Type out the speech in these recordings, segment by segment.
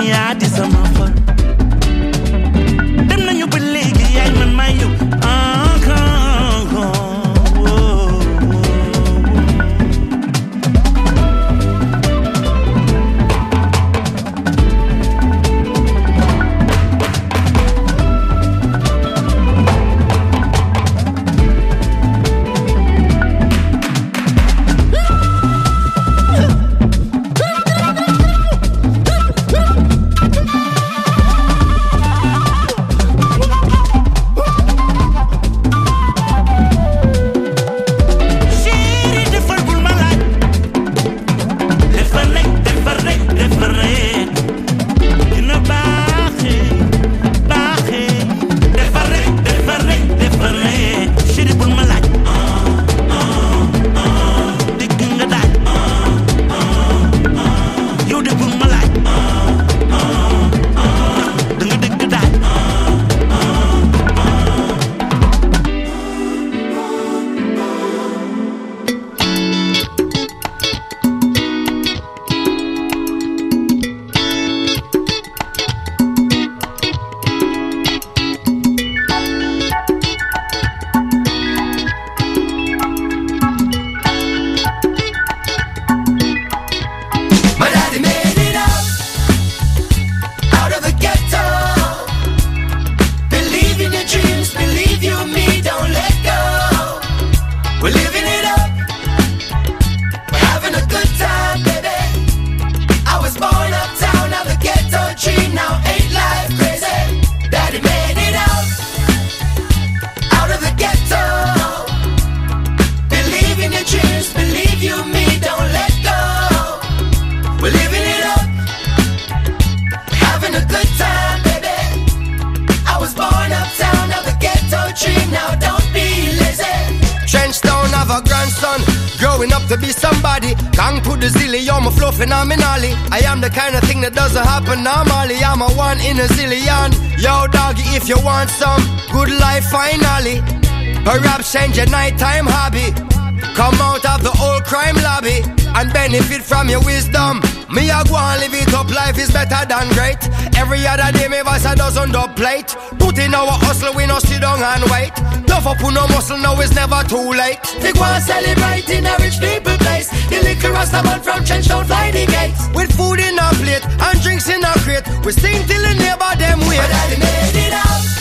ni adi sama fol dem believe ba I'm man my yow to be somebody. Can't put the zilly on my flow phenomenally. I am the kind of thing that doesn't happen normally. I'm a one in a zillion. Yo, doggy, if you want some good life, finally. Perhaps change your nighttime hobby. Come out of the old crime lobby and benefit from your wisdom. Me a go and live it up, life is better than great. Every other day, me voice a dozen dub plate. Put in our hustle, we no sit down and wait. Love up on no muscle, now it's never too late. They go and celebrate in a rich people place. The liquor rasta man from trench don't fly the gates. With food in a plate and drinks in a crate, we sing till the neighbor them wait. But I made it out.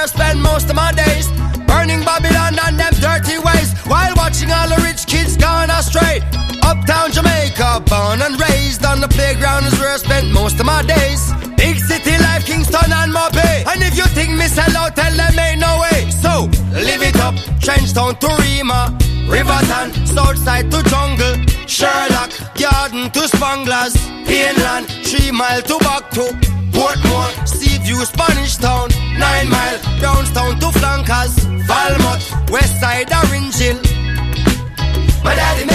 I spend most of my days burning Babylon and them dirty ways while watching all the rich kids gone astray. Uptown Jamaica, born and raised on the playground is where I spent most of my days. Big city life, Kingston and Mopey. And if you think me sell out, tell them ain't no way. So live it up, Trenchtown to Rima, Riverton, Southside to Jungle, Sherlock, Garden to Spanglers, Inland, Three Mile to Back to Portmore. See to Spanish Town, Nine Mile, Brownstown to Flankers, Falmouth, Westside, Orange Hill. My daddy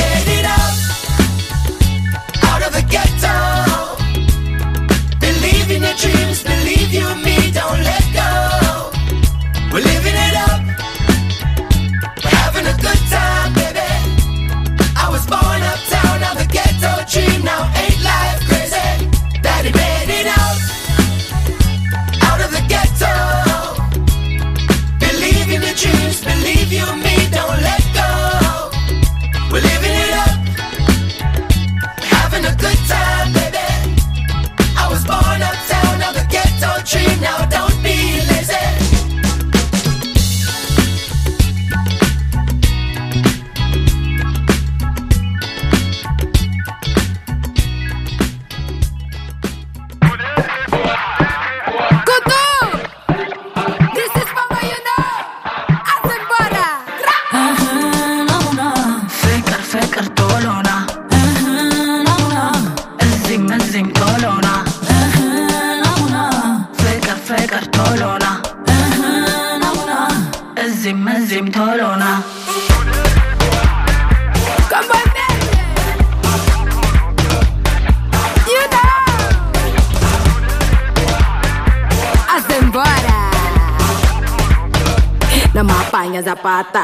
ለማባኛ ዛፓታ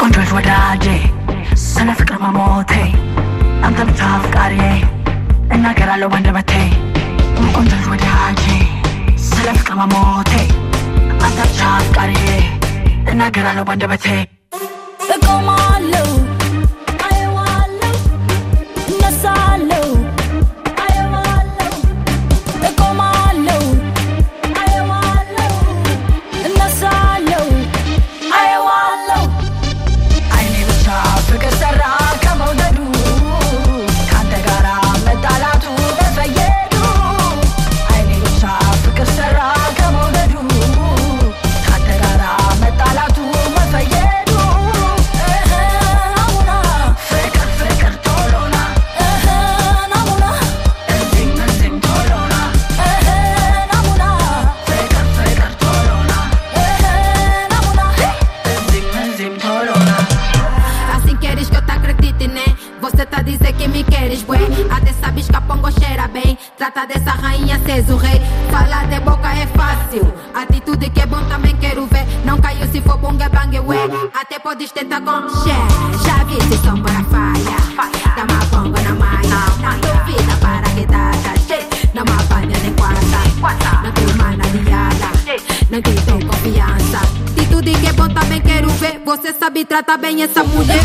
ቆንጆች ወዳጄ ስለ ፍቅር መሞቴ አንተ ብቻ ፍቃሬ እናገራለሁ ባንደበቴ ቆንጆች ወዳጄ ስለ ፍቅር መሞቴ አንተ ብቻ ፍቃሬ እናገራለሁ ባንደበቴ እቆማለሁ Você tá dizendo que me queres, bué. Até sabes que a pongo cheira bem. Trata dessa rainha, cês o rei. Falar de boca é fácil. Atitude que é bom também quero ver. Não caiu se for bunga é bang, é ué. Até podes tentar com xé. Já vi se som para falha. falha. Dá uma pongo na maia. Não vida para que dada. Não me apanha nem quarta. Não tem na aliada. Não te dou confiança. Atitude que é bom também quero ver. Você sabe tratar bem essa mulher.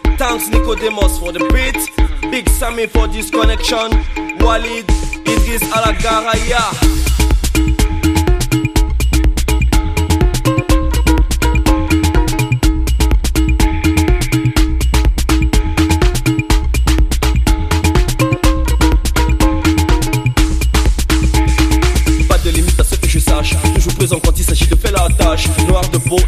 Thanks Nicodemus for the beat. Big Sammy for this connection. Walid Idris Alagaraya.